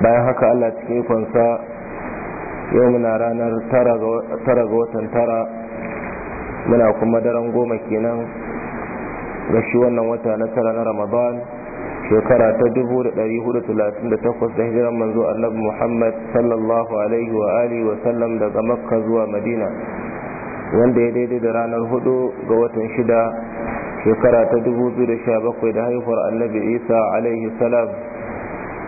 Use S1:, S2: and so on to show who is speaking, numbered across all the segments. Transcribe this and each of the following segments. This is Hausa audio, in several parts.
S1: bayan haka Allah cikin ikonsa yau muna ranar tara ga watan tara muna kuma daren goma kenan ga shi wannan wata na tara na ramadan shekara ta 438 da hijiran manzo annabi muhammad sallallahu alaihi wa alihi wa sallam daga makka zuwa madina wanda ya daidai da ranar hudu ga watan shida shekara ta 2017 da haihuwar annabi isa alaihi salam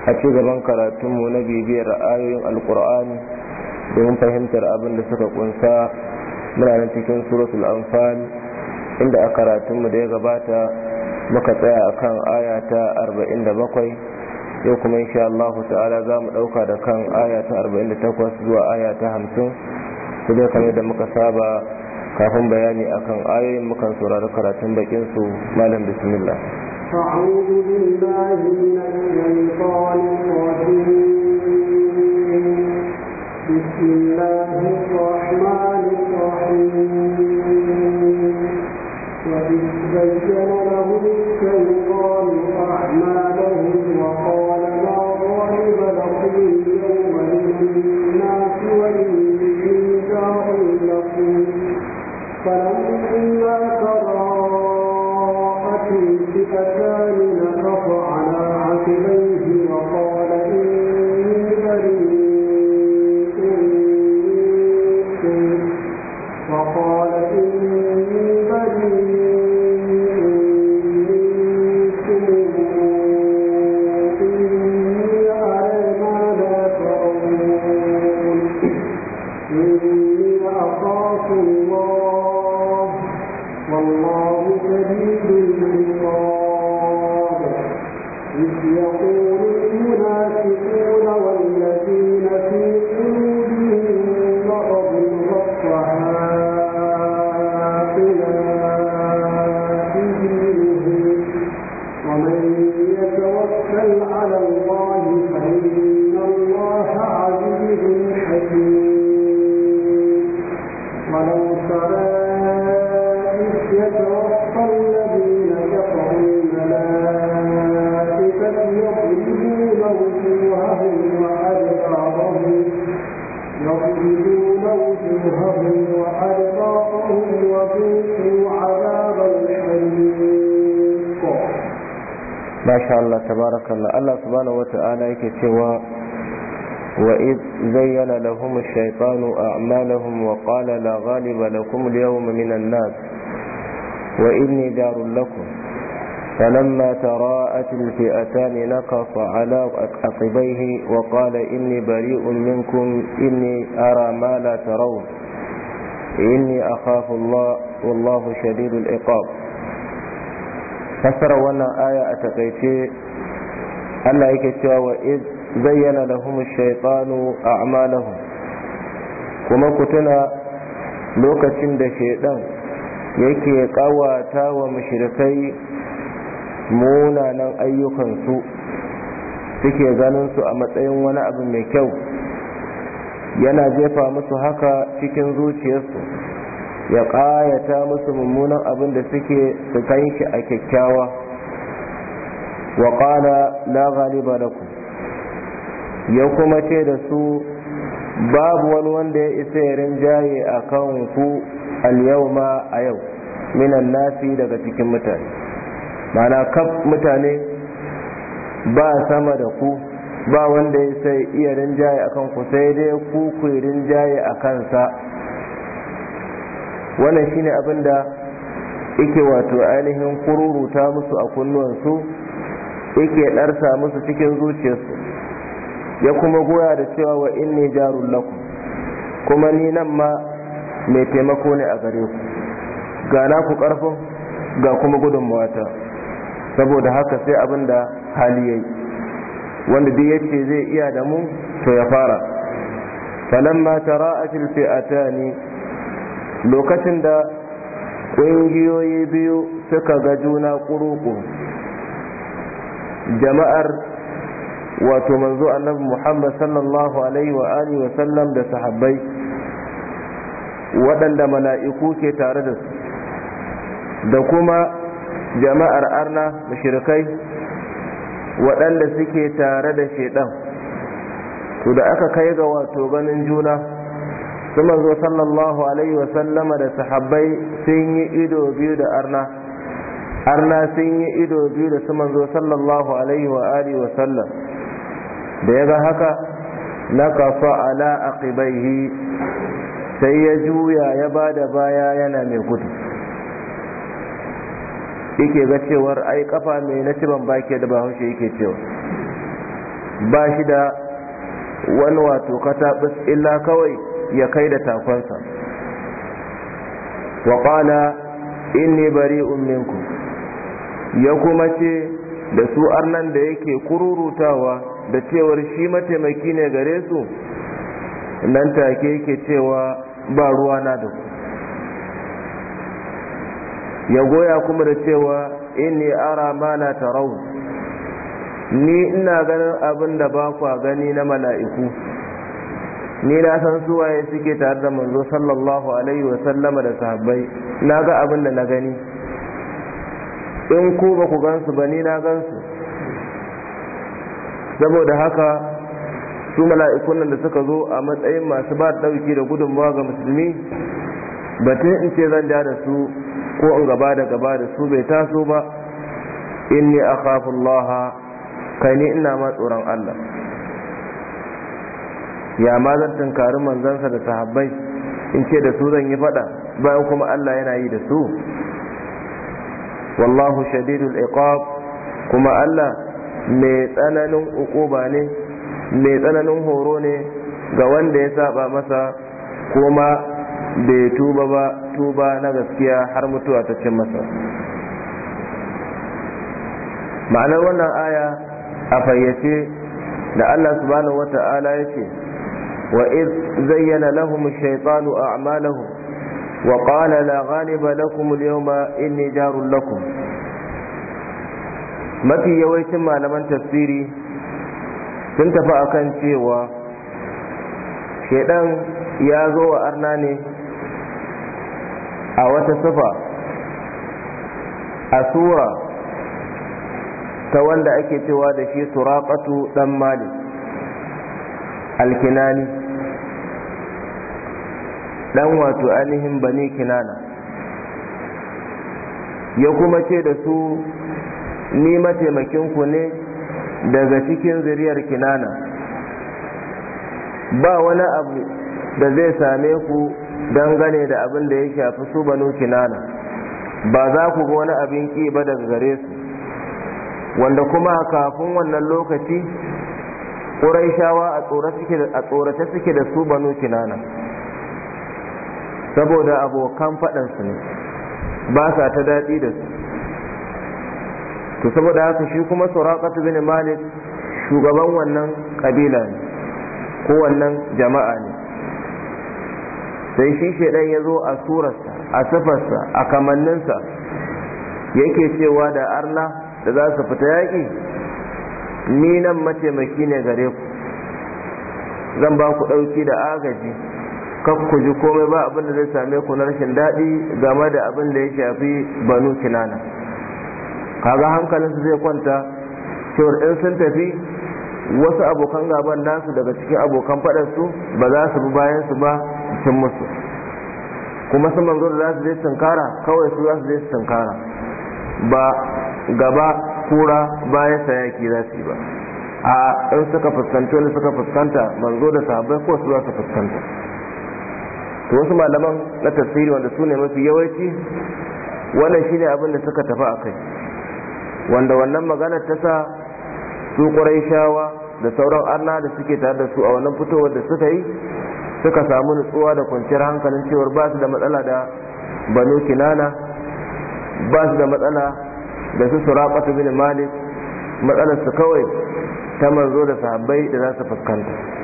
S1: a ci gaban karatunmu na bibiyar ayoyin alkur'ani domin fahimtar abin da suka kunsa muna nan cikin suratul anfal inda a karatunmu da ya gabata muka tsaya a akan aya ta 47 yau kuma insha Allah ta'ala za mu ɗauka da kan aya ta 48 zuwa aya ta 50 su dai kamar da muka saba kafin bayani akan ayoyin mukan saurari karatun bakin su malam bismillah
S2: أعوذ بالله بسم الله الرحمن الرحيم وإذ زين لهم الشيطان وقال ما ضرب لكم اليوم للناس وإني داع لكم فلما
S1: yake وإذ زين لهم الشيطان أعمالهم وقال لا غالب لكم اليوم من الناس وإني جار لكم فلما تراءت الفئتان نقص على عقبيه وقال إني بريء منكم إني أرى ما لا ترون إني أخاف الله والله شديد العقاب فسر وانا آية أتقيتي Allah yake cewa wa iz zayyana lahum ash-shaytanu a'malahum kuma ku tuna lokacin da shaydan yake kawata wa mushrikai munanan su suke ganin su a matsayin wani abu mai kyau yana jefa musu haka cikin zuciyarsu ya ƙayata musu mummunan abin da suke su kan shi a kyakkyawa wa qala la ghaliba lakum ya kuma ce da su babu wani wanda ya isa ya rinjaye a ku al-yawma a yau nasi daga cikin mutane mana kaf mutane ba sama da ku ba wanda ya sai iya rinjaye a kanku sai dai ku ku rinjaye a kansa wannan shine abin da yake wato ainihin kururuta musu a kunnuwansu yake ɗarsa musu cikin zuciyarsu ya kuma goya da cewa wa inni jarun lakum kuma ni nan ma mai taimako ne a gare ku ga na ku ƙarfin ga kuma gudun mawata saboda haka sai abin da hali yayi wanda duk yace zai iya da mu to ya fara falamma tara'atil ne lokacin da ƙungiyoyi biyu suka ga juna ƙuruƙu jama'ar wato manzo annabi muhammad sallallahu alaihi wa alihi wa sallam da sahabbai waɗanda mala'iku ke tare da su da kuma jama'ar arna mashirkai waɗanda suke tare da shaidan to da aka kai ga wato ganin juna su manzo sallallahu alaihi wa sallama da sahabbai sun yi ido biyu da arna na sun yi ido biyu da su manzo sallallahu alaihi wa alihi wa sallam da ya ga haka na kafa ala aqibaihi sai ya juya ya ba da baya yana mai gudu yake ga cewar ai kafa mai na ciban baki da bahaushe yake cewa ba shi da wani wato katabis illa kawai ya kai da takonsa wa qala inni bari'un minkum ya kuma ce da su arnan da yake kururutawa da cewar shi mataimaki ne gare su nan take yake cewa ba ruwa na da ya goya kuma da cewa inni ara ma la tarau ni ina ganin abin da ba kwa gani na mala'iku ni na san suwaye suke tare da manzo sallallahu alaihi wa sallama da sahabbai na ga abin da na gani in ko ba ku gansu ba ni na gansu saboda haka su mala'ikun nan da suka zo a matsayin masu ba ɗauki da gudunmawa ga musulmi batun in ce zan da su ko in gaba da gaba da su bai taso ba inni kafin laha, kai ni ina ma tsoron Allah ya ma zan tunkari manzansa da sahabbai in ce da su zan yi faɗa bayan kuma Allah yana yi da su wallahu shadidul iqab kuma Allah mai tsananin uquba ne mai tsananin horo ne ga wanda ya saba masa kuma bai tuba ba tuba na gaskiya har mutuwa ta cin masa ma'anar wannan aya a fayyace da Allah subhanahu wata'ala yace, wa iz zayyana lahum shaytanu a'malahum وقال لا غالب لكم اليوم إني جار لكم mafi yawancin malaman tafsiri sun tafi akan cewa shaidan ya zo wa arna ne a wata safa a sura ta wanda ake cewa da shi suraƙatu ɗan malik
S2: alkinani
S1: dan wato ainihin bani kinana ya kuma ce da su ni mataimakinku ne daga cikin zuriyar kinana ba wani abu da zai same ku dangane da abin da ya shafi su banu kinana ba za ku ga wani abin ƙi ba daga gare su wanda kuma kafin wannan lokaci ƙuraishawa a tsorace suke da su banu kinana saboda abokan faɗansu ne ba sa ta daɗi da su to saboda haka shi kuma suraqatu bin malik shugaban wannan kabila ne ko wannan jama'a ne sai shi shedan ya zo a surarsa a sifarsa a kamanninsa yake cewa da arna da za su fita yaƙi ni nan mataimaki ne gare ku zan ba ku ɗauki da agaji ku ji komai ba abin da zai same ku na rashin daɗi game da abin da ya shafi banu kinana kaga su zai kwanta cewar in sun tafi wasu abokan gaban nasu daga cikin abokan faɗarsu ba za su bi bayan su ba cin musu kuma sun manzo da za su je tunkara kawai su za su je tunkara ba gaba kura baya sayaki za su yi ba a in suka fuskanta wani suka fuskanta manzo da sabai ko su za su fuskanta to wasu malaman na tafsiri wanda su ne mafi yawanci wannan shine abin da suka tafi a kai wanda wannan magana ta sa su ƙwarai shawa da sauran arna da suke tare da su a wannan fitowar da suka yi suka samu nutsuwa da kwanciyar hankalin cewar ba su da matsala da banu kinana ba su da matsala da su suraƙatu bin malik matsalar su kawai ta manzo da sahabbai da za su fuskanta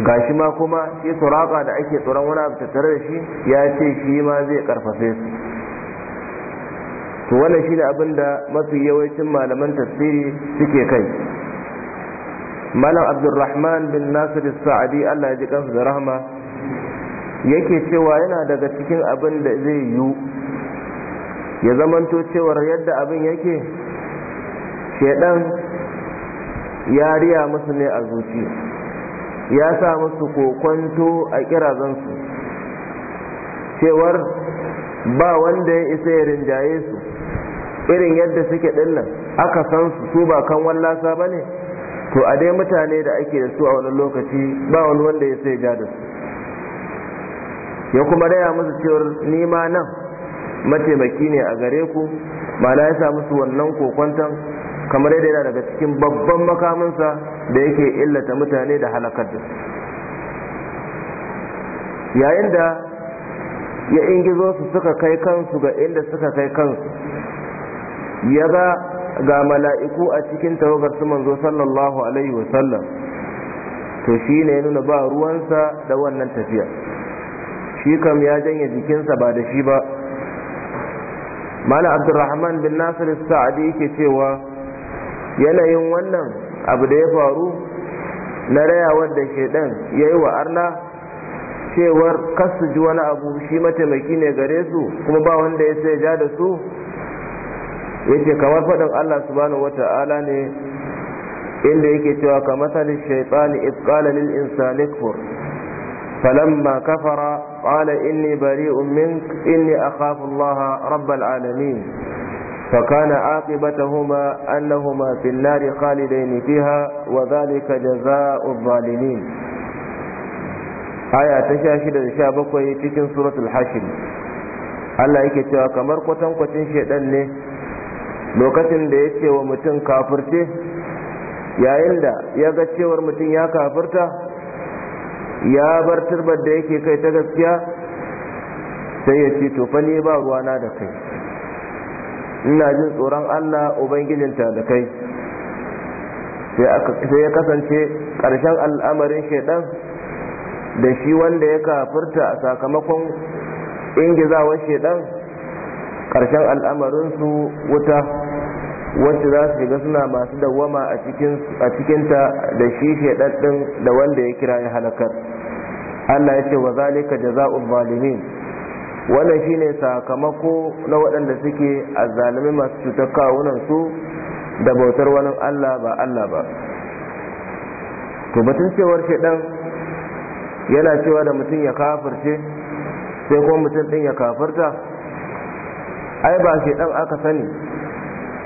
S1: gashi ma kuma shi turaka da ake tsoron wani abu tattare da shi ya ce shi ma zai karfafe su to wannan shi ne abin da mafi yawancin malaman tafsiri suke kai malam abdulrahman bin nasir sa'adi allah ya ji kansu da rahama yake cewa yana daga cikin abin da zai yiwu ya zamanto cewar yadda abin yake shaidan ya riya musu ne a zuci ya sa musu kokwanto a kirazansu cewar ba wanda ya isa ya rinjaye su irin yadda suke dinnan aka san su su ba kan wallasa ba ne to a dai mutane da ake da su a wani lokaci ba wani wanda ya sai ja da su ya kuma raya musu cewar nima nan mataimaki ne a gare ku Mala ya sa musu wannan kokonton kamar yadda yana daga cikin babban makaminsa da yake illata mutane da halakar da su yayin da ya ingizo su suka kai kansu ga inda suka kai kansu ya ga ga mala'iku a cikin tawagar su manzo sallallahu alaihi wasallam to shi ne nuna ba ruwansa da wannan tafiya shi kam ya janye jikinsa ba da shi ba mala abdurrahman bin nasir sa'adi yake cewa yanayin wannan abu da ya faru na raya wadda shaidan ya yi wa arna cewar kasu ji wani abu shi mataimaki ne gare su kuma ba wanda ya sai ja da su yake kamar faɗin allah subhanahu wata'ala ne inda yake cewa ka matsalin shaitani ifkala lil insani kfur falamma kafara qala inni bari'un mink inni akhafu allaha rabbal alamin فكان عاقبتهما أنهما في النار Haya فيها وذلك جزاء الظالمين آية تشاشد الشابك ويتكن سورة الحشر Allah yake cewa kamar kwatankwacin shaidan ne lokacin da ya ce wa mutum kafirce yayin da ya ga cewar mutum ya kafurta, ya bar turbar da yake kai ta gaskiya sai ya ce to fa ni ba ruwana da kai ina jin tsoron Allah ubangijin da kai sai ya kasance ƙarshen al'amarin shaidan da shi wanda ya kafirta a sakamakon ingizawar shaidan ƙarshen al'amarinsu wuta wacce za su shiga suna masu dawwama a cikinta da shi shaidan ɗin da wanda ya kira ya halakar Allah ya ce wa zalika jaza'ul zalimin wannan shine sakamako na waɗanda suke a azzalumi masu cutar kawunan su da bautar wani Allah ba Allah ba to batun cewar shaidan yana cewa da mutum ya kafirce sai kuma mutum ɗin ya kafirta ai ba shaidan aka sani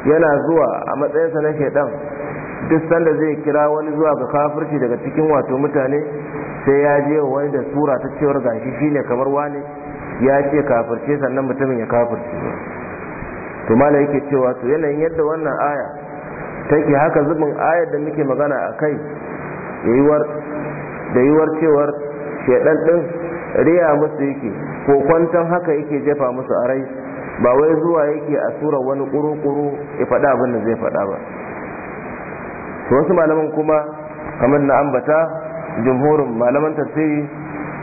S1: yana zuwa a matsayinsa na shaidan duk sanda zai kira wani zuwa ga kafirci daga cikin wato mutane sai ya je wani da tura ta cewar gashi shine kamar wane ya ce kafirce sannan mutumin ya kafirce to mala yake cewa to yanayin yadda wannan aya take haka zubin ayar da muke magana a kai da yiwuwar cewar shaidan din riya musu yake ko kwantan haka yake jefa musu a rai ba wai zuwa yake a tura wani kuru-kuru ya faɗa abin da zai faɗa ba to wasu malaman kuma kamar na ambata jumhurin malaman tafsiri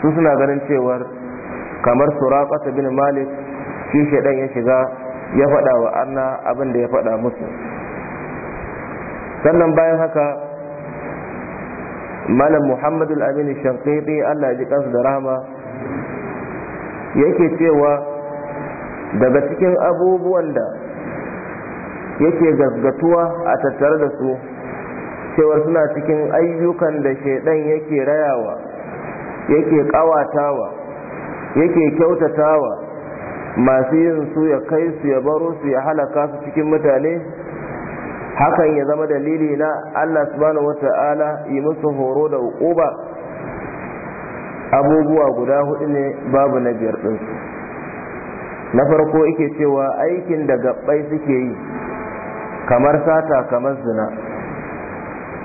S1: su suna ganin cewar kamar suraqata bin malik shi shaidan ya shiga ya faɗa wa anna abin da ya faɗa musu sannan bayan haka malam Muhammadu amin shankiti allah ya ji kansu da rahama yake cewa daga cikin abubuwan da yake gasgatuwa a tattare da su cewar suna cikin ayyukan da shaidan yake rayawa yake kawatawa yake kyautatawa masu yin su ya kai su ya baro su ya halaka su cikin mutane hakan ya zama dalili na Allah subhanahu wata'ala yi musu horo da hukuba abubuwa guda hudu ne babu na biyar ɗinsu na farko ike cewa aikin da gabbai suke yi kamar sata kamar zina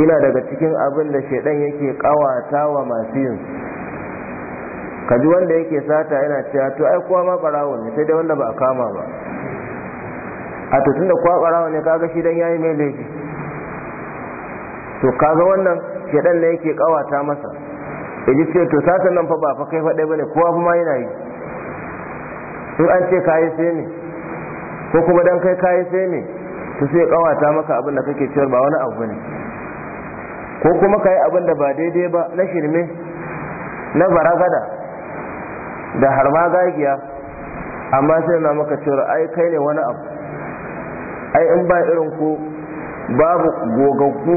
S1: ina daga cikin abin da shaidan yake kawata wa masu yin su kaji wanda yake sata yana cewa to ai kowa ma barawo ne sai dai wanda ba a kama ba a to tunda kowa barawo ne kaga shi dan yayi mai laifi to kaga wannan shedan ne yake kawata masa yaji ce to sata nan fa ba fa kai fa dai bane kowa kuma yana yi in an ce kayi sai ne ko kuma dan kai kayi sai ne to sai kawata maka abin da kake cewa ba wani abu ne ko kuma kayi abin da ba daidai ba na shirme na baragada da har ma gagiya amma sai na maka cewa ai kai ne wani abu ai in ba irin ku babu gogaggu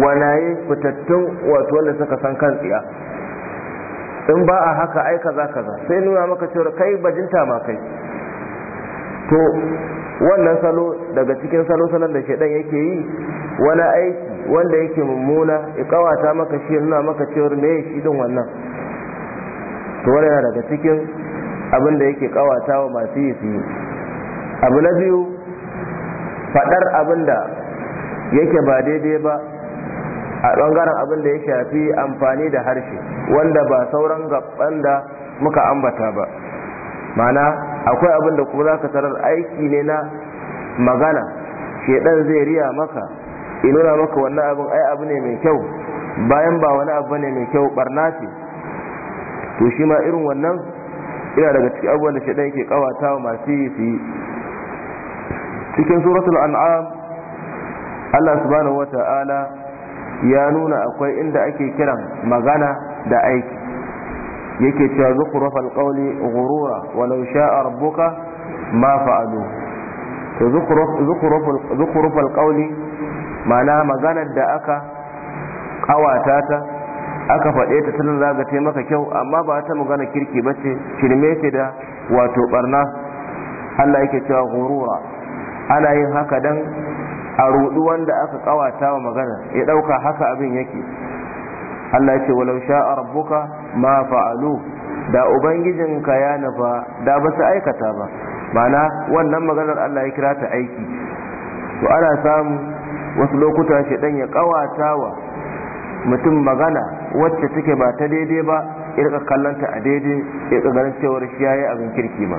S1: gwanaye fitattun wato wanda suka san kan tsiya in ba a haka ai kaza kaza sai nuna maka cewa kai bajinta ma kai to wannan salo daga cikin salo salon da shaidan yake yi wani aiki wanda yake mummuna ya kawata maka shi nuna maka cewa me shi din wannan to yana daga cikin abin da yake kawata wa masu yi su yi abu na biyu faɗar abin da yake ba daidai ba a ɓangaren abin da ya shafi amfani da harshe wanda ba sauran gaban da muka ambata ba mana akwai abin da kuma za ka tarar aiki ne na magana shaidan zai riya maka nuna maka wannan abin ai abu ne mai kyau bayan ba wani abu ne mai kyau barna ce to shi ma irin wannan ina daga ciki abubuwan da shaidan ke kawata wa masu yi su yi cikin suratul an'am Allah subhanahu ta'ala ya nuna akwai inda ake kiran magana da aiki yake cewa zukhrufa alqawli ghurura walau sha'a rabbuka ma fa'alu to zukhrufa alqawli ma'ana maganar da aka kawata ta aka faɗe ta tana zaga ta maka kyau amma ba ta magana kirki ba ce shirme ce da wato barna Allah yake cewa gurura ana yin haka dan a rudu wanda aka kawata wa magana ya ɗauka haka abin yake Allah yake walau sha'a rabbuka ma fa'alu da ubangijinka ya nufa da ba su aikata ba mana wannan maganar Allah ya kira ta aiki to ana samu wasu lokuta dan ya kawata wa mutum magana wacce take ba ta daidai ba irka kallanta a daidai ya rika ganin cewar shi yayi abin kirki ba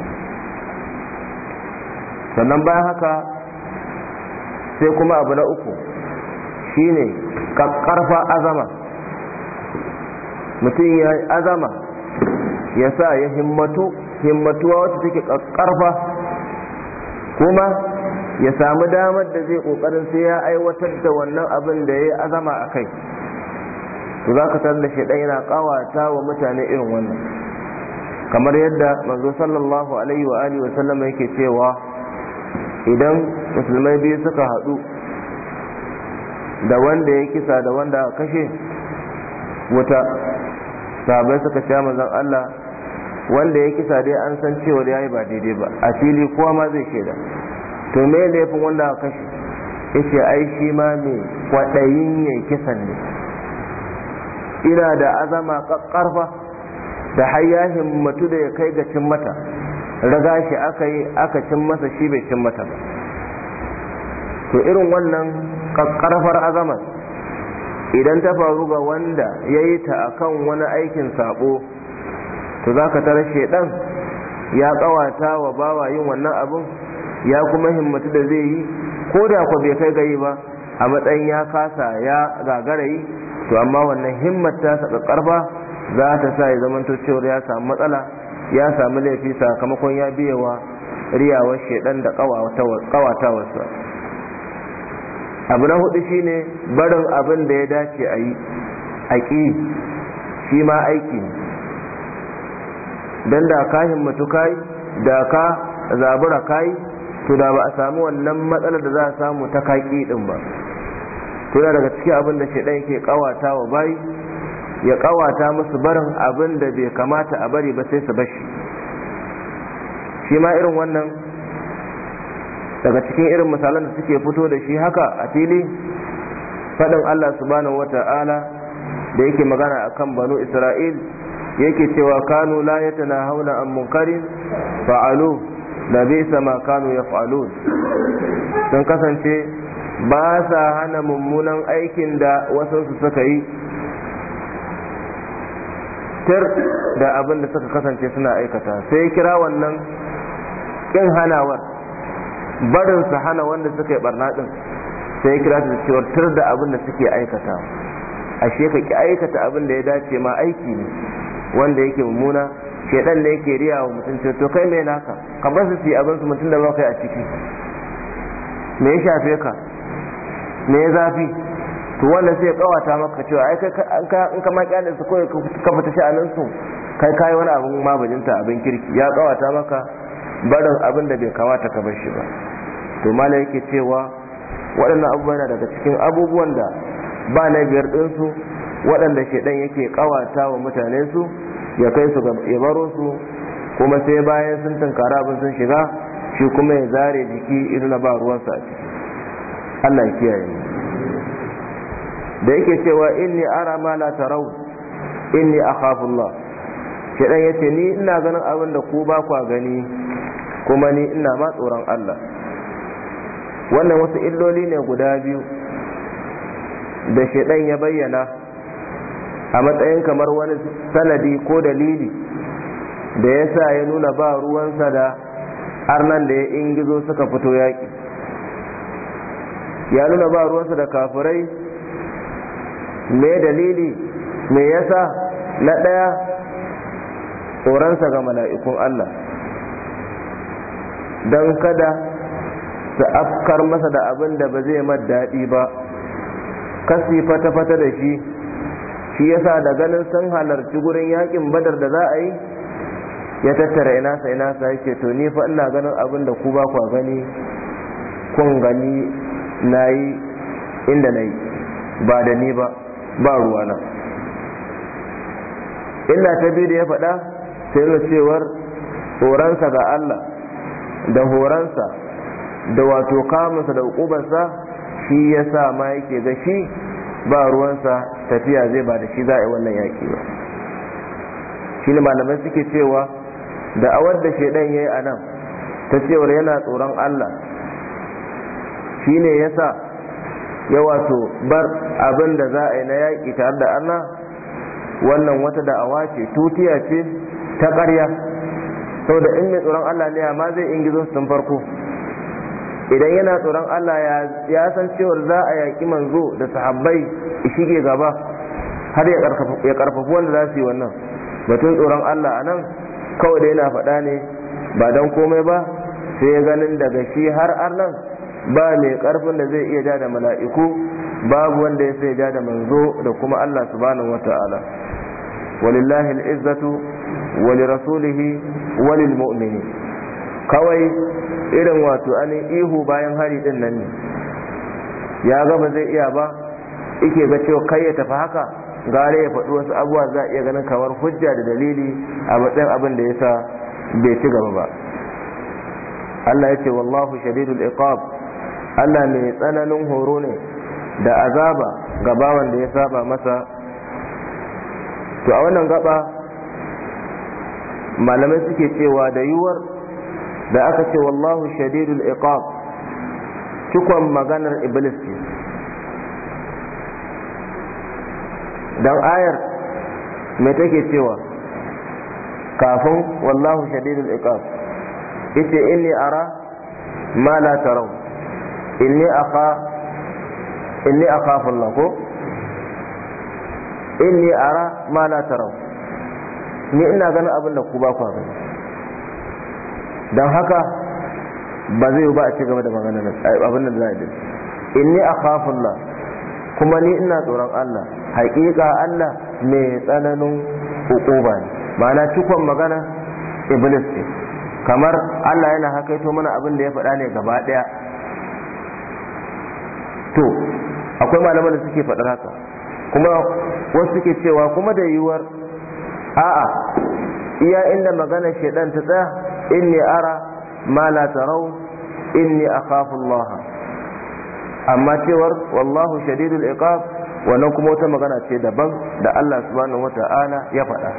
S1: sannan bayan haka sai kuma abu na uku shine karfa azama mutum ya azama ya sa ya himmatu himmatuwa wacce take karfa kuma ya samu damar da zai kokarin sai ya aiwatar da wannan abin da ya azama a kai to za ka tarar da shaidan yana kawata wa mutane irin wannan kamar yadda manzo sallallahu alaihi wa alihi wa sallam yake cewa idan musulmai biyu suka haɗu da wanda ya kisa da wanda a kashe wuta sahabai suka sha manzon Allah wanda ya kisa dai an san cewa ya yi ba daidai ba a fili kowa ma zai shaida to me laifin wanda a kashe yace ai shi ma me kwaɗayin ya kisan ne ina da azama ƙarfa da har ya himmatu da ya kai ga cin mata raga shi aka yi aka cin masa shi bai cin mata ba to irin wannan ƙarfar azamar idan ta faru ga wanda ya yi ta akan wani aikin sabo to za ka tara shaidan ya ƙawata wa bawa yin wannan abin ya kuma himmatu da zai yi ko da ku bai kai gari ba a matsayin ya kasa ya gagara yi to amma wannan himmat ta saka karfa za ta sa ya to cewar ya samu matsala ya samu laifi sakamakon ya biyewa riyawar shedan da wasu. abu na hudu shine barin abin da ya dace a yi a ƙi shi ma aiki don da ka himmatu kai da ka zabura kai to da ba a samu wannan matsalar da za a samu ta kaƙi din ba to daga cikin abin da shaidan yake kawata wa bayi ya kawata musu barin abin da bai kamata a bari ba sai su bashi shi ma irin wannan daga cikin irin misalan da suke fito da shi haka a fili faɗin Allah subhanahu wata'ala da yake magana akan banu Isra'il yake cewa kanu la yatanahawna an munkarin fa'alu da bisa sama kanu Fa'alu sun kasance ba sa hana mummunan aikin da wasansu suka yi tar da abin da suka kasance suna aikata sai kira wannan kin hanawar barin su hana wanda suka yi barna din sai kira su cewar tar da abin da suke aikata a ka ki aikata abin da ya dace ma aiki ne wanda yake mummuna shedan ne yake riya wa mutum ce to kai mai naka ka bar su yi abin su mutum da ba kai a ciki me ya shafe ka Ne ya zafi to wannan sai ya kawata maka cewa ai in ka maki alin su kawai ka fita sha'anin su kai kai wani abin mabajinta abin kirki ya kawata maka barin abin da bai kawata ka bar shi ba to mala yake cewa waɗannan abubuwa na daga cikin abubuwan da ba na biyar ɗinsu waɗanda shaidan yake kawata wa mutane su ya kai su ya baro su kuma sai bayan sun tunkara abin sun shiga shi kuma ya zare jiki idan ba ruwansa a ciki Allah ya kiyaye da yake cewa inni ara ma la tarau inni akhafu Allah dan yace ni ina ganin abin da ku ba kwa gani kuma ni ina ma tsoron Allah wannan wasu illoli ne guda biyu da shedan ya bayyana a matsayin kamar wani sanadi ko dalili da yasa ya nuna ba ruwansa da arnan da ya ingizo suka fito yaƙi ya nuna ba ruwansa da kafirai me dalili me yasa na ɗaya tsoronsa ga mala'ikun Allah don kada su afkar masa da abin da ba zai daɗi ba kasi fata-fata da shi shi yasa da ganin sun halarci gurin yakin badar da za a yi ya tattara ina ina inasa yake to ni fa ina ganin abin da ku ba kwa gani kun gani na yi inda na yi ba da ni ba ba ruwa na illa ta biyu da ya faɗa sai da cewar horonsa ga Allah da horonsa da wato kamunsa da hukubarsa shi ya sa ma yake ga shi ba ruwansa tafiya zai ba da shi za a yi wannan yaki ba shi ne malamai suke cewa da awar da shaidan ya yi a nan ta cewar yana tsoron Allah Shi ne ya sa wato bar abin da za a yi na yaƙi tare da Allah wannan wata da'awa ce tutiya ce ta ƙarya saboda in mai tsoron Allah ne ma zai ingizo su tun farko idan yana tsoron Allah ya san cewar za a yaƙi manzo da sahabbai shige gaba har ya ƙarfafi wanda za su yi wannan batun tsoron Allah a nan kawai da yana faɗa ne ba don komai ba sai ganin daga shi har arnan ba mai karfin da zai iya ja da mala'iku babu wanda ya sai ja da manzo da kuma Allah subhanahu wata'ala walillahi al'izzatu walirasulihi walilmu'mini kawai irin wato an ihu bayan hari din nan ne ya ga ba zai iya ba ike ga cewa kai ya tafi haka gare ya faɗi wasu abubuwa za a iya ganin kamar hujja da dalili a matsayin abin da yasa bai ci gaba ba Allah ya ce wallahu shadidul iqab Allah mai tsananin horo ne da azaba ga bawan da ya saba masa to a wannan gaba malamai suke cewa da yiwuwar da aka ce wallahu shadidul iqab cikon maganar iblis ce dan ayar me take cewa kafin wallahu shadidul iqab yace inni ara ma la tarawu inni aka inni akhafu Allah ko inni ara ma la tarau, ni ina ganin abin da ku ba ku gani dan haka ba zai ba a ci gaba da maganar abin da za a yi inni akhafu Allah kuma ni ina tsoron Allah haƙiƙa Allah mai tsananin hukuma ne ma'ana cikon magana iblis ne kamar Allah yana hakaito mana abin da ya faɗa ne gaba ɗaya akwai malaman da suke faɗar haka kuma wasu suke cewa kuma da yiwuwar a'a iya inda magana shaidan ta tsaya inni ara ma la tarau inni akhafu Allah amma cewar wallahu shadidul iqab wannan kuma wata magana ce daban da Allah subhanahu wata'ala ya faɗa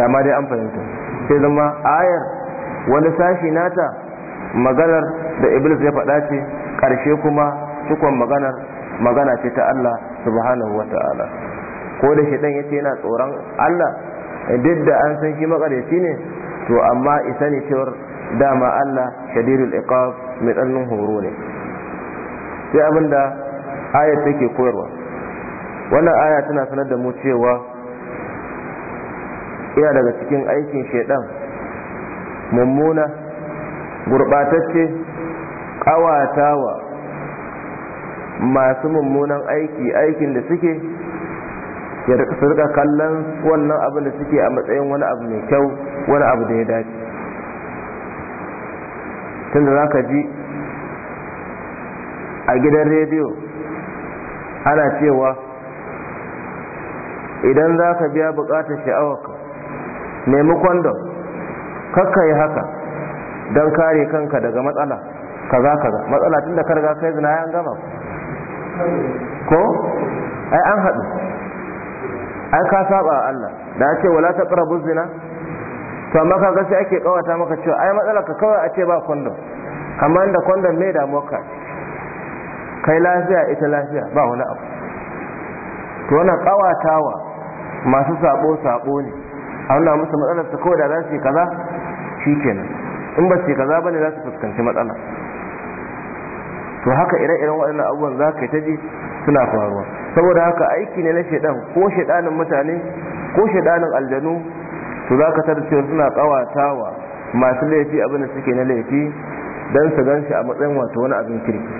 S1: da ma dai an fahimta sai zama ayar wani sashi nata maganar da iblis ya faɗa ce ƙarshe kuma cikon maganar magana ce ta Allah subhanahu wa ta'ala ko da shi dan yace yana tsoron Allah duk da an san shi shi ne to amma isa ne cewar dama Allah shadirul iqab mai tsallin horo ne sai abinda ayat take koyarwa wannan aya tana sanar da mu cewa iya daga cikin aikin shaidan mummuna gurbatacce ƙawatawa masu mummunan aiki aikin da suke su rika kallon wannan abin da suke a matsayin wani abu mai kyau wani abu da ya dace tunda za ka ji a gidan rediyo ana cewa idan za ka biya bukatar sha'awarka nemi kwandon kakka yi haka don kare kanka daga matsala kaza kaza matsala tun da karga kai zina ya gama ko ai an haɗu ai ka saba wa Allah da ake wala ta ƙarabun zina to amma ka sai ake ƙawata maka cewa ai matsala ka kawai a ce ba kwandon amma inda kwandon mai damuwarka kai lafiya ita lafiya ba wani abu to wannan ƙawatawa masu sabo sabo ne a nuna musu matsalar ta kawai da za su yi kaza shi kenan in ba su yi kaza ba ne za su fuskanci matsala to haka ire-iren waɗannan abubuwan za ka ta ji suna faruwa saboda haka aiki ne na shaidan ko shaidanin mutane ko shaidanin aljanu to za ka tar cewa suna ƙawatawa masu laifi abin da suke na laifi don su gan shi a matsayin wato wani abin kirki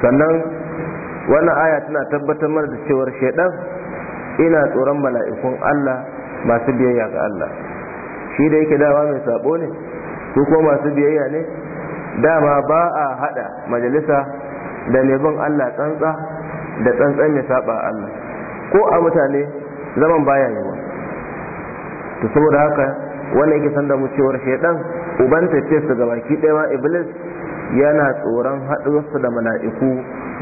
S1: sannan wannan aya tana tabbatar mana da cewar shaidan ina tsoron mala'ikun Allah masu biyayya ga Allah shi da yake dawa mai sabo ne ko kuma masu biyayya ne dama ba a hada majalisa da mai bin Allah tsantsa da tsantsan mai saba Allah ko a mutane zaman baya yiwa to saboda haka wanda yake san da mu cewar shaidan uban ce su baki ɗaya ma iblis yana tsoron haɗuwarsa da mala'iku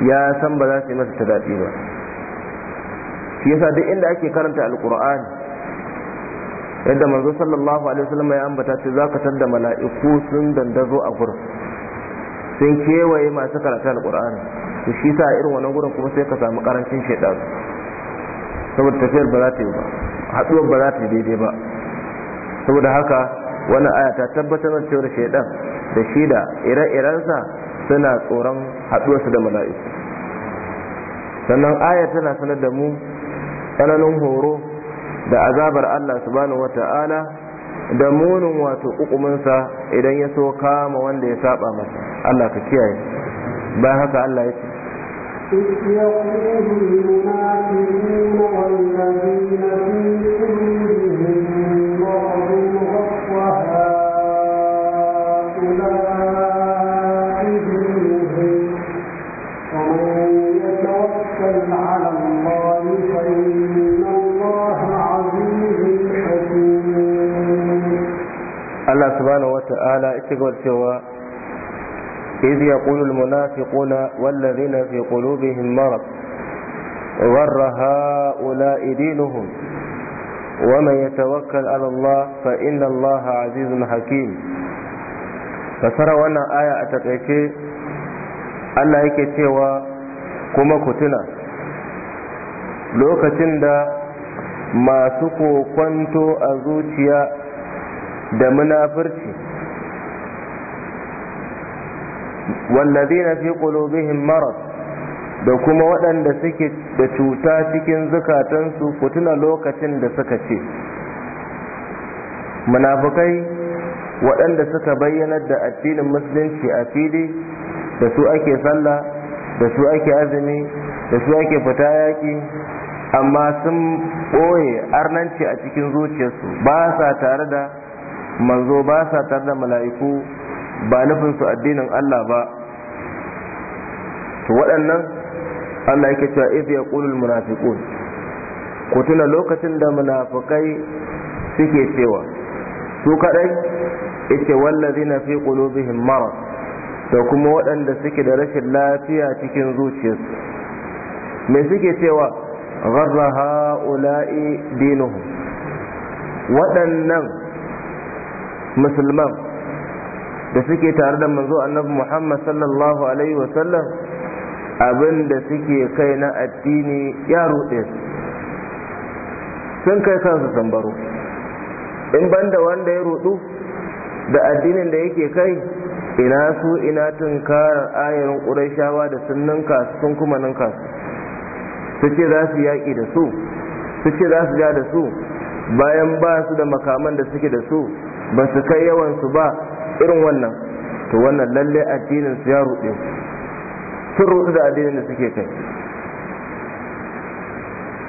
S1: ya san ba za su yi masa ta daɗi ba shi yasa duk inda ake karanta alkur'ani yadda manzo sallallahu alaihi wasallam ya ambata ce zaka da mala'iku sun dandazo a gurin sun kewaye masu karatu alqur'ani to shi sa irin wannan gurin kuma sai ka samu karancin shaytan saboda tafiyar ba za ta yi ba haduwar ba za ta yi daidai ba saboda haka wannan aya ta tabbatar da cewa shaidan da shi da ire sa suna tsoron haduwarsu da mala'iku sannan aya tana sanar da mu tsananin horo da azabar Allah subhanahu wata'ala da munin wato kukuminsa idan ya so kama wanda ya saba masa Allah ka kiyaye bayan haka Allah ya ce Allah subhanahu wata'ala ya ci gaba cewa إذ يقول المنافقون والذين في قلوبهم مرض غر هؤلاء دينهم ومن يتوكل على الله فإن الله عزيز حكيم fasara wannan aya a takaice Allah yake cewa kuma ku tuna lokacin da masu kokwanto a zuciya da munafirci na fi qulubihim marad da kuma waɗanda suke da cuta cikin zukatansu ku tuna lokacin da suka ce munafukai waɗanda suka bayyanar da addinin musulunci a fili da su ake sallah da su ake azumi da su ake fita yaƙi amma sun ɓoye arnanci a cikin zuciyarsu ba sa tare da manzo ba sa tare da mala'iku ba nufin su addinin Allah ba to waɗannan Allah yake cewa idh yaqulul munafiqun ku tuna lokacin da munafikai suke cewa su kadai yace wallazina fi qulubihim marad to kuma waɗanda suke da rashin lafiya cikin zuciyarsu me suke cewa gharra ha'ula'i dinuhum waɗannan musulman da suke tare da manzo annabi muhammad sallallahu alaihi wa sallam abin da suke kai na addini ya ruɗe sun kai kansu tambaro in banda wanda ya rudu da addinin da yake kai ina su ina tunkarar ayarin ƙurashawa da sun ninka sun kuma ninka su ce za su yaƙi da su su ce za su ja da su bayan ba su da makaman da suke da su ba su kai yawan su ba irin wannan to wannan lalle addinin su ya ruɗe sun ruɗu da addinin da suke kai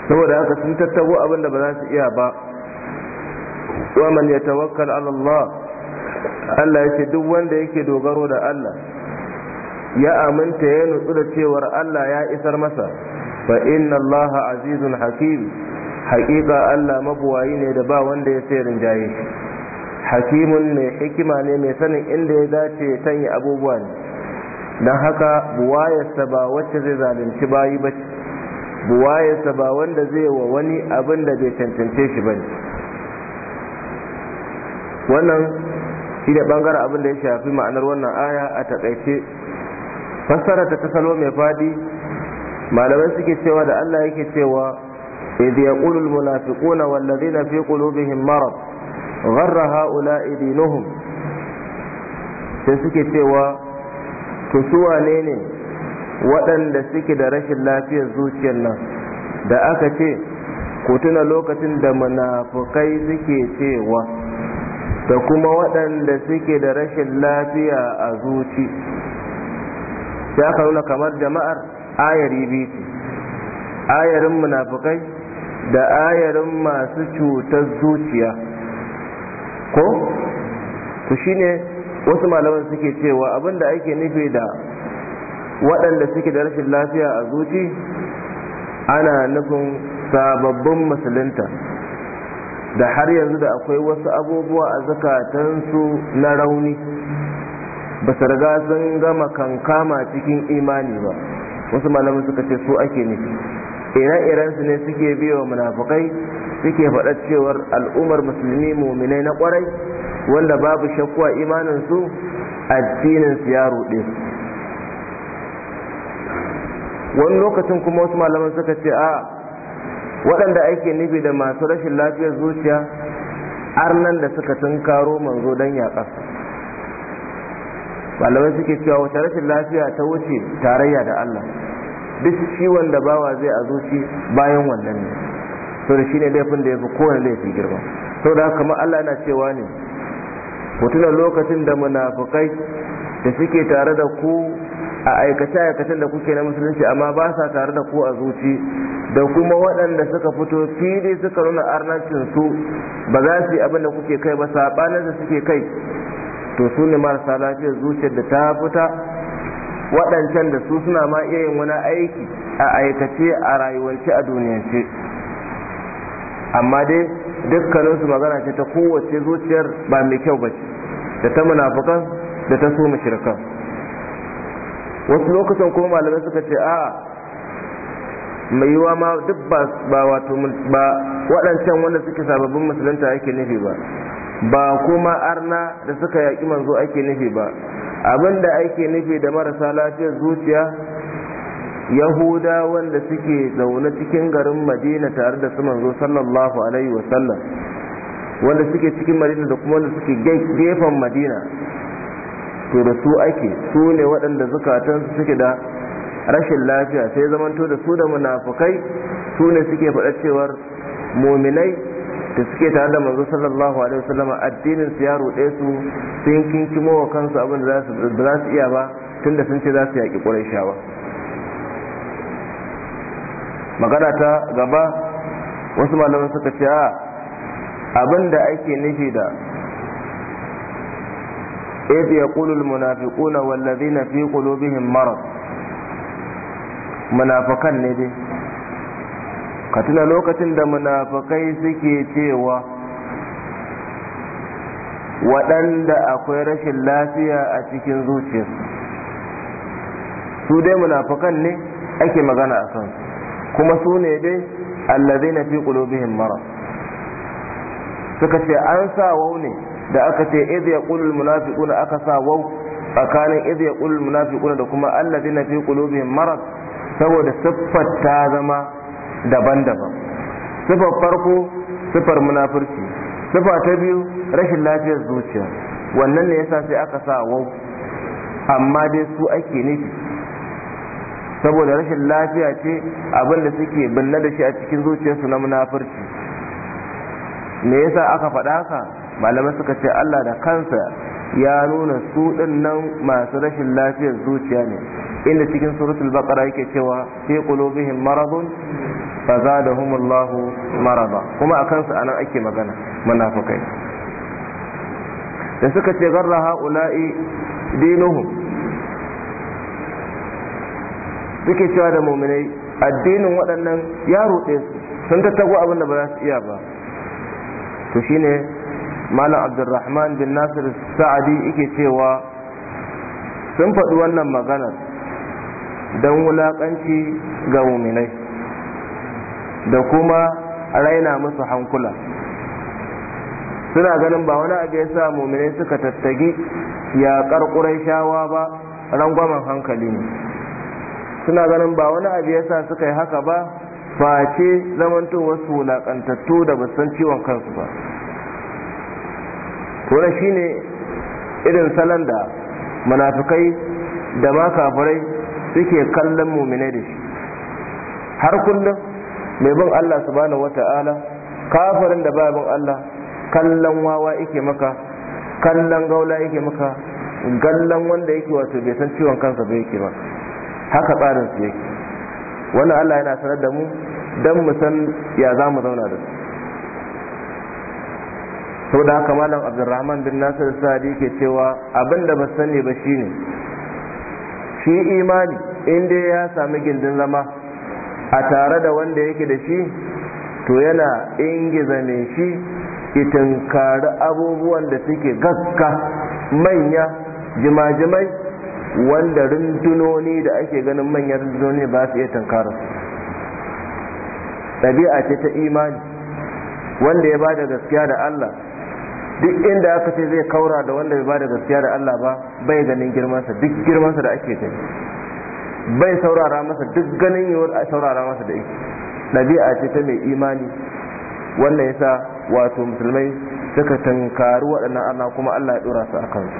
S1: saboda haka sun tattabo abin da ba za su iya ba wa man yatawakkal ala Allah Allah ce duk wanda yake dogaro da Allah ya aminta ya nutsu da cewar Allah ya isar masa fa inna Allah azizun hakim haƙiƙa Allah mabuwayi ne da ba wanda ya sai rinjaye shi hakimun mai hikima ne mai sanin inda ya dace ya sanya abubuwa ne don haka buwayarsa ba wacce zai zalunci bayi ba buwayarsa ba wanda zai wa wani abin da bai cancance shi ba ne wannan shi da bangaren abin da ya shafi ma'anar wannan aya a takaice fassara ta ta salo mai fadi malamai suke cewa da allah yake cewa idh yaqulu al-munafiquna wal ladina fi qulubihim marad gharra ha'ula'i dinuhum sai suke cewa to su wane ne waɗanda suke da rashin lafiyar zuciyar nan da aka ce ku tuna lokacin da munafukai suke cewa da kuma waɗanda suke da rashin lafiya a zuci sai aka nuna kamar jama'ar ayar biyu ayarin munafukai da ayarin masu cutar zuciya ko to shine wasu malaman suke cewa abinda ake nufi da waɗanda suke da rashin lafiya a zuci ana nufin sababbin musulunta da har yanzu da akwai wasu abubuwa a zakatansu na rauni ba su riga sun gama kankama cikin imani ba wasu malaman suka ce su ake nufi ire-iren su ne suke biyo munafukai suke faɗa cewar al'ummar musulmi muminai na kwarai wanda babu shakkuwa imanin su addinin su ya ruɗe wani lokacin kuma wasu malaman suka ce a waɗanda ake nufi da masu rashin lafiyar zuciya arnan da suka tunkaro manzo don yaƙa malamai suke cewa wata rashin lafiya ta wuce tarayya da Allah duk ciwon da bawa zai a zuci bayan wannan ne to da shine laifin da ya fi kowane laifi girma to da haka Allah yana cewa ne ku lokacin da munafukai da suke tare da ku a aikace aikacen da kuke na musulunci amma ba sa tare da ku a zuci da kuma waɗanda suka fito fili suka nuna arnancin su ba za su yi abin da kuke kai ba saɓanin da suke kai to su ne marasa lafiyar zuciyar da ta fita waɗancan da su suna ma iya yin wani aiki a aikace a rayuwance a duniyance amma dai dukkaninsu magana ce ta kowace zuciyar ba mai kyau ba da ta munafukan da ta so mashirkan wasu lokacin kuma malamai suka ce a mai yiwa ma duk ba wato ba waɗancan wanda suke sababbin musulunta ake nufi ba ba kuma arna da suka yaƙi manzo ake nufi ba abin da ake nufi da marasa lafiyar zuciya yahuda wanda suke zaune cikin garin madina tare da su manzo sallallahu alaihi wasallam wanda suke cikin madina da kuma wanda suke gefen madina to da su ake su ne waɗanda zukatansu suke da rashin lafiya sai zamanto da su da munafukai su ne suke faɗa cewar mominai da suke tare da manzo sallallahu alaihi wasallam addinin su ya ruɗe su sun kinkimo wa kansu abin da za su iya ba tunda sun ce za su yaƙi ƙurayshawa magana ta gaba wasu malaman suka ce a abin da ake nufi da إذ يقول المنافقون والذين في قلوبهم مرض منافقا ne dai ka tuna lokacin da munafakai suke cewa waɗanda akwai rashin lafiya a cikin zuciyar su dai munafakan ne ake magana a kansu kuma su ne dai allazai na fi ƙulubihin mara suka ce an sa wau ne da aka ce idh yaqulul munafiquna aka sa wau tsakanin idh yaqulul munafiquna da kuma allazina fi qulubihim marad saboda siffar ta zama daban-daban sifar farko sifar munafurci sifa ta biyu rashin lafiyar zuciya wannan ne yasa sai aka sa wau amma dai su ake nufi saboda rashin lafiya ce abin da suke binne da shi a cikin zuciyarsu na munafurci me yasa aka faɗa ka malamai suka ce Allah da kansa ya nuna su nan masu rashin lafiyar zuciya ne inda cikin suratul baqara yake cewa fi qulubihim maradun da fazadahumullahu maraba kuma akan su anan ake magana munafikai da suka ce garra haula'i dinuhum suke cewa da muminai addinin waɗannan ya ruɗe sun tattago abin da ba za su iya ba to shine malam abdulrahman bin nasir sa'adi yake cewa sun faɗi wannan maganar don wulaƙanci ga muminai da kuma raina musu hankula suna ganin ba wani abu ya sa muminai suka tattagi karkurai shawa ba rangwamen hankali ne suna ganin ba wani abu ya sa suka yi haka ba face zamanto wasu wulaƙantattu da basan ciwon kansu ba wani ne irin salon da munafukai da ma kafirai suke kallon muminai da shi har kullum mai bin Allah subhanahu wata'ala kafirin da ba bin Allah kallon wawa yake maka kallon gaula yake maka gallan wanda yake wato bai san ciwon kansa ba yake ba haka tsarin su yake wannan Allah yana sanar da mu dan mu san ya za mu zauna da su saboda haka malam abdurrahman bin nasir sadi ke cewa abin da ba sani ba shine shi imani in dai ya sami gindin zama a tare da wanda yake da shi to yana ingiza mai shi itinkari abubuwan da suke gaska manya jimajimai wanda rundunoni da ake ganin manyan rundunoni ba su iya tankara ɗabi'a ce ta imani wanda ya ba da gaskiya da Allah duk inda aka ce zai kaura da wanda bai ba da gaskiya da Allah ba bai ganin girmansa duk girmansa da ake gani bai saurara masa duk ganin yawar a saurara masa da yake ɗabi'a ce ta mai imani wannan yasa wato musulmai suka tankari waɗannan ana kuma allah ya ɗora su a kansu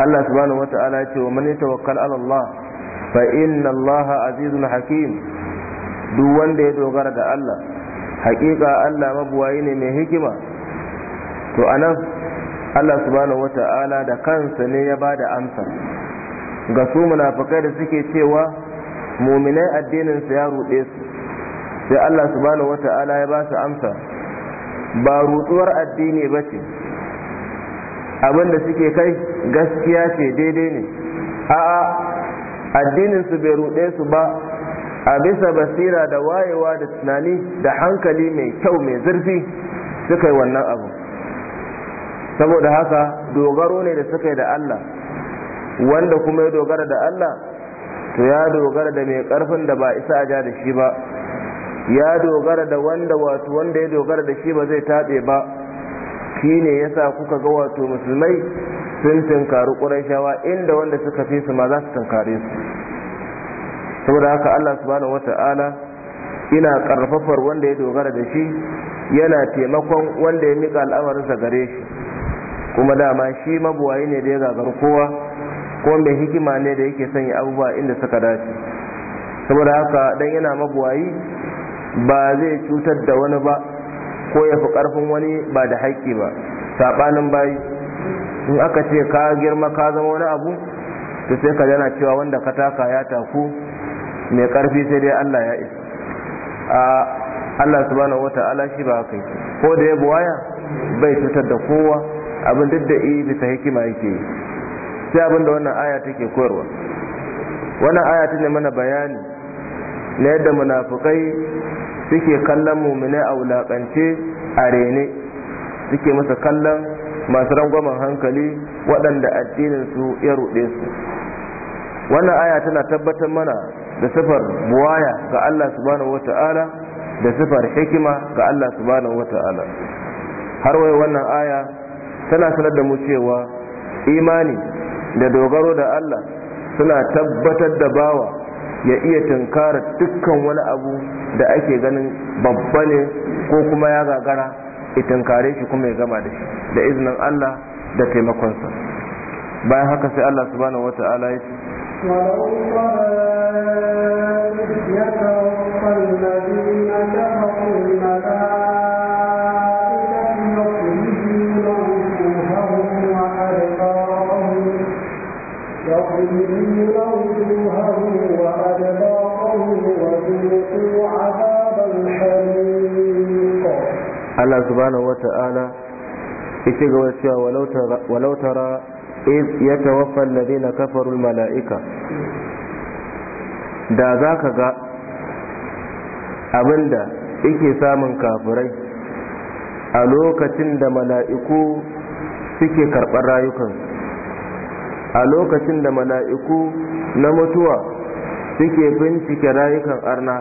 S1: allah subhanahu wata'ala ce wa mani tawakkal ala allah fa inna allaha azizun hakim duk wanda ya dogara da allah haƙiƙa allah mabuwayi ne mai hikima to anan allah subhanahu wata'ala da kansa ne ya ba da amsa ga su munafikai da suke cewa muminai addinin su ya ruɗe su sai Allah subhanahu wata'ala ya ba su amsa ba rutsuwar addini ba ce abinda suke kai gaskiya ce daidai ne a'a addinin su bai ruɗe su ba a bisa basira da wayewa da tunani da hankali mai kyau mai zurfi suka yi wannan abu saboda haka dogaro ne da suka yi da Allah wanda kuma ya dogara da Allah to ya dogara da mai karfin da ba isa a ja da shi ba ya dogara da wanda wato wanda ya dogara da shi ba zai tabe ba shi ne ya kuka ga wato musulmai sun tunkari ƙurashawa inda wanda suka fi su ma za su tunkare su saboda haka Allah subhanahu wata'ala ina ƙarfafar wanda ya dogara da shi yana taimakon wanda ya miƙa al'amarinsa gare shi kuma dama shi mabuwayi ne da ya gagar kowa ko mai hikima ne da yake sanya abubuwa inda suka dace saboda haka dan yana mabuwayi ba zai cutar da wani ba ko ya fi karfin wani ba da haƙƙi ba saɓanin bayi in aka ce ka girma ka zama wani abu to sai ka yana cewa wanda ka taka ya taku mai ƙarfi sai dai Allah ya isa a Allah subhanahu wata'ala shi ba haka ko da ya buwaya bai cutar da kowa abin duk da iya bisa hikima yake yi sai abin da wannan aya take koyarwa wannan aya ta ne mana bayani na yadda munafukai suke kallon muminai a wulakance a rene suke masa kallon masu rangwamen hankali waɗanda addininsu ya ruɗe su wannan aya tana tabbatar mana da sifar buwaya ga Allah subhanahu wata'ala da sifar hikima ga Allah subhanahu wata'ala har wai wannan aya tana sanar da mu cewa imani da dogaro da Allah suna tabbatar da bawa ya iya tunkara dukkan wani abu da ake ganin babba ne ko kuma ya gagara ya tunkare shi kuma ya gama da shi da izinin Allah da taimakonsa bayan haka sai Allah subhanahu wata'ala ya ce Allah subhanahu wa ta’ala ita ga wasu walau walautara ya tawaffa da na kafarul mala’ika da za ka ga abinda yake samun kafirai a lokacin da mala’iku suke karɓar rayukansu a lokacin da mala'iku na mutuwa suke bincike rayukan arna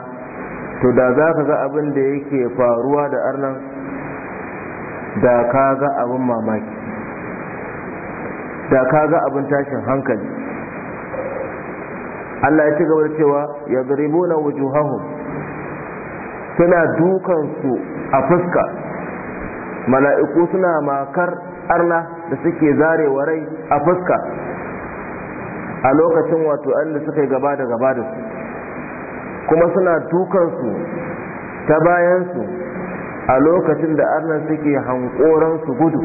S1: to da za ka ga abin da yake faruwa da arnan da ka ga abin mamaki da ka ga abin tashin hankali Allah ya ci gaba da cewa ya zaribu na wujuhahum suna dukansu a fuska mala'iku suna makar arna da suke zarewa rai a fuska a lokacin wato da suka yi gaba da gaba da su kuma suna dukansu ta bayansu a lokacin da arnan suke hankoransu gudu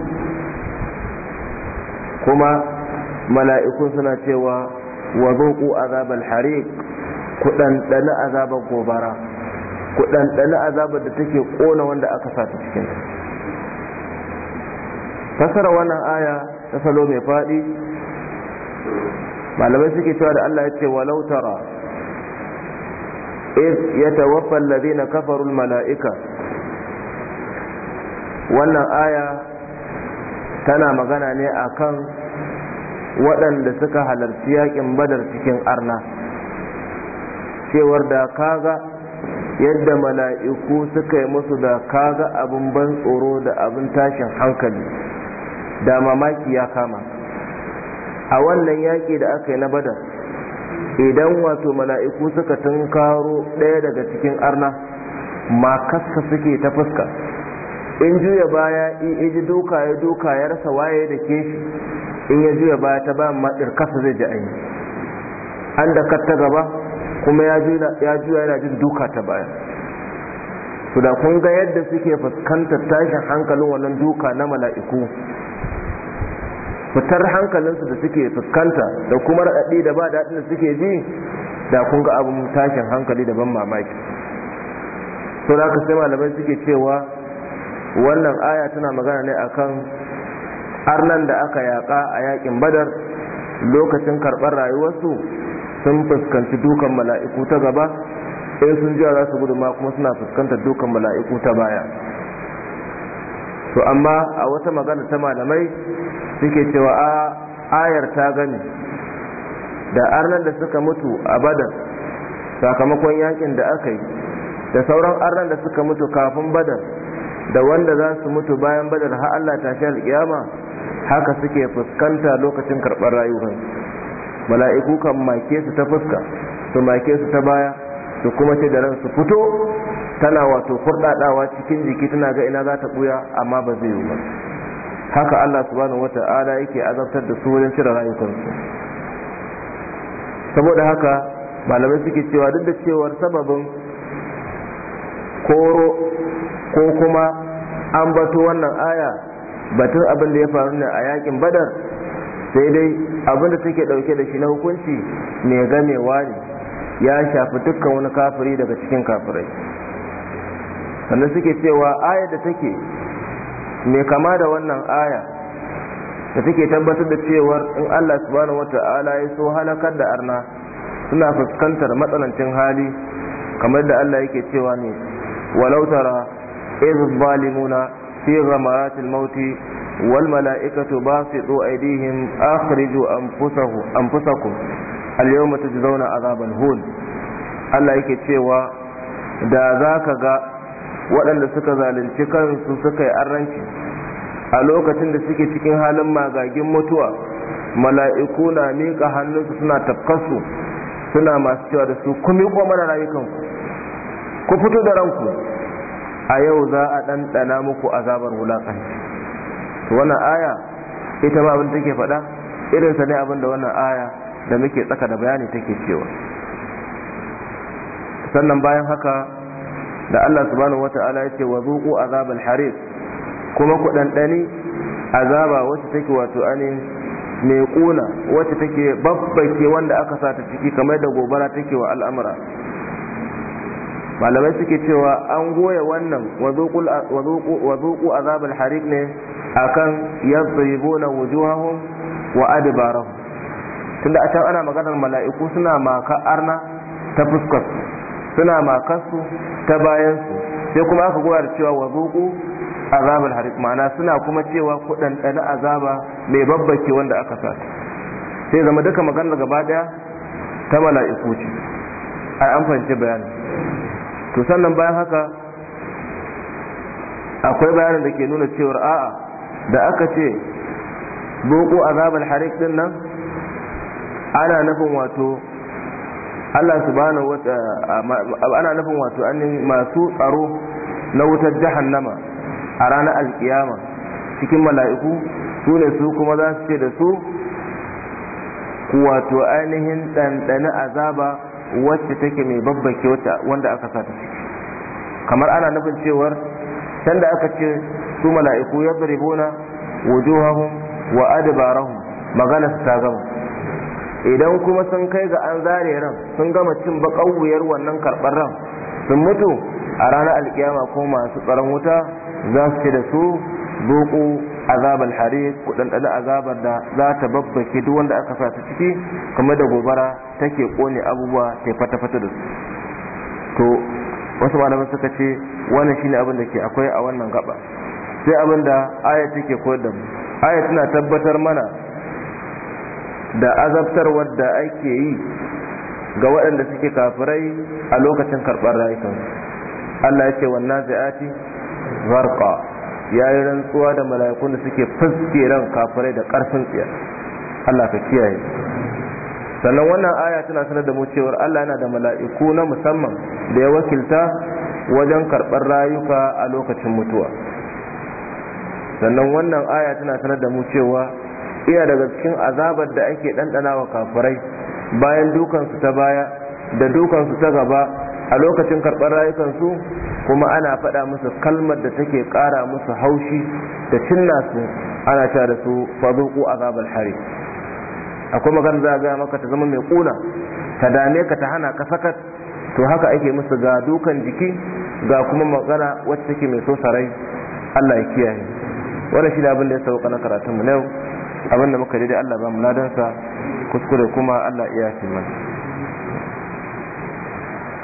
S1: kuma mala'ikun suna cewa wa zoku azabal harik ku azabar gobara ku azabar da take ƙona wanda aka sata cikin fasara wannan aya ta salo mai faɗi malamai suke cewa da Allah ya ce walau tara iz yatawaffa alladhina kafaru almalaika wannan aya tana magana ne akan waɗanda suka halarci yakin badar cikin arna cewar da kaga yadda mala'iku suka yi musu da kaga abin ban tsoro da abin tashin hankali da mamaki ya kama a wannan yaƙi da aka yi na badar idan wato mala'iku suka tunkaro ɗaya daga cikin arna makasta suke ta fuska in juya baya in ji duka ya duka ya rasa waye da ke shi in ya juya baya ta ba maɗir kasa zai ji ainihi an da katta gaba kuma ya juya yana jin duka ta baya su da kun ga yadda suke fuskantar tashin hankalin wannan duka na mala'iku fitar hankalinsu da suke fuskanta da kuma raɗaɗi da ba daɗin da suke ji da kun ga abin tashin hankali da ban mamaki to da sai malamai suke cewa wannan aya tana magana ne akan arnan da aka yaƙa a yaƙin badar lokacin karɓar rayuwarsu sun fuskanci dukan mala'iku ta gaba in sun jiya za su gudu ma kuma suna fuskantar dukan mala'iku ta baya to amma a wata magana ta malamai suke cewa a ayar ta gani, da arnan da suka mutu a badar sakamakon yakin da aka yi da sauran arnan da suka mutu kafin badar da wanda za su mutu bayan badar har Allah ta shi alƙiyama haka suke fuskanta lokacin karɓar rayuwar mala'iku kan make su ta fuska su make su ta baya su kuma ce da ran su fito tana wato kurɗaɗawa cikin jiki tana ga ina za ta buya amma ba zai yi ba haka Allah subhanahu wata'ala yake azabtar da su wajen cire rayukansu saboda haka malamai suke cewa duk da cewar sababin koro ko kuma an bato wannan aya batun abin da ya faru ne a yakin badar sai dai abin da take dauke da shi na hukunci mai gamewa ne ya shafi dukkan wani kafiri daga cikin kafirai sannan suke cewa ayar da take mai kama da wannan aya da take tabbatar da cewa in Allah subhanahu wata'ala ya so halakar da arna suna fuskantar matsanancin hali kamar da Allah yake cewa ne walau tara idh zalimuna fi ghamaratil mauti wal mala'ikatu basitu aydihim akhriju anfusahum anfusakum al yawma tujzauna azaban hun Allah yake cewa da zaka ga waɗanda suka zalunci kansu suka yi arranci a lokacin da suke cikin halin magagin mutuwa mala'iku na miƙa hannunsu suna tafkarsu suna masu cewa da su ku miƙo mana rayukanku ku fito da ranku a yau za a ɗanɗana muku azabar wulaƙanci wannan aya ita ma abin take faɗa irinsa ne abin da wannan aya da muke tsaka da bayani take cewa sannan bayan haka da Allah subhanahu wata'ala ya ce wa zuqu azabal harif kuma ku dandani azaba wacce take wato Ani mai kuna wacce take babbake wanda aka sa ta ciki kamar da gobara take wa al'amura malamai suke cewa an goya wannan wa zuqu azabal harif ne akan yadribuna wujuhahum wa adbarahum tunda a can ana maganar mala'iku suna maka arna ta fuskar suna makarsu ta bayansu sai kuma aka goya da cewa wazuku zuku azabar harik ma'ana suna kuma cewa ku azaba mai babbake wanda aka sa sai zama duka maganar gaba daya ta mala'iku ce a an bayanin to sannan bayan haka akwai bayanin da ke nuna cewar a'a da aka ce zuku azabar harik din nan ana nufin wato Allah subhanahu wa ana nufin wato an masu tsaro na wutar jahannama a ranar alkiyama cikin mala'iku su ne su kuma za su ce da su ku wato ainihin ɗanɗani azaba wacce take mai babbake wanda aka sa ta ciki kamar ana nufin cewar can da aka ce su mala'iku ya zaribuna wujuhahum wa adbarahum magana su ta gama idan kuma sun kai ga an zare ran sun gama cin wuyar wannan karɓar ran sun mutu a ranar alkiyama ko masu tsaron wuta za su ce da su doku azabar hare ku azabar da za ta babbake duk wanda aka sa ta ciki kamar da gobara take ƙone abubuwa ta fata-fata da su to wasu malaman suka ce wannan shine abin da ke akwai a wannan gaba sai abin da aya take koyar da mu aya tana tabbatar mana da azabtarwar da ake yi ga waɗanda suke kafirai a lokacin karɓar rayukansu Allah ya ce wannan zai'ati zarqa ya yi rantsuwa da mala'ikun da suke fuske ran kafirai da ƙarfin tsiya Allah ka kiyaye sannan wannan aya tana sanar da mu cewar Allah yana da mala'iku na musamman da ya wakilta wajen karɓar rayuka a lokacin mutuwa sannan wannan aya tana sanar da mu cewa iya daga cikin azabar da ake ɗanɗana wa kafirai bayan dukansu ta baya da dukansu ta gaba a lokacin karɓar rayukansu kuma ana faɗa musu kalmar da take ƙara musu haushi da cinna su ana cewa da su fazuku azabar hari akwai magana za a gaya maka ta zama mai ƙuna ta dame ka ta hana ka sakat to haka ake musu ga dukan jiki ga kuma magana wacce take mai so sarai Allah ya kiyaye wannan shi da abin da ya sauka na karatunmu na yau abin da muka daidai Allah ba mu ladansa kuskure kuma Allah iya fi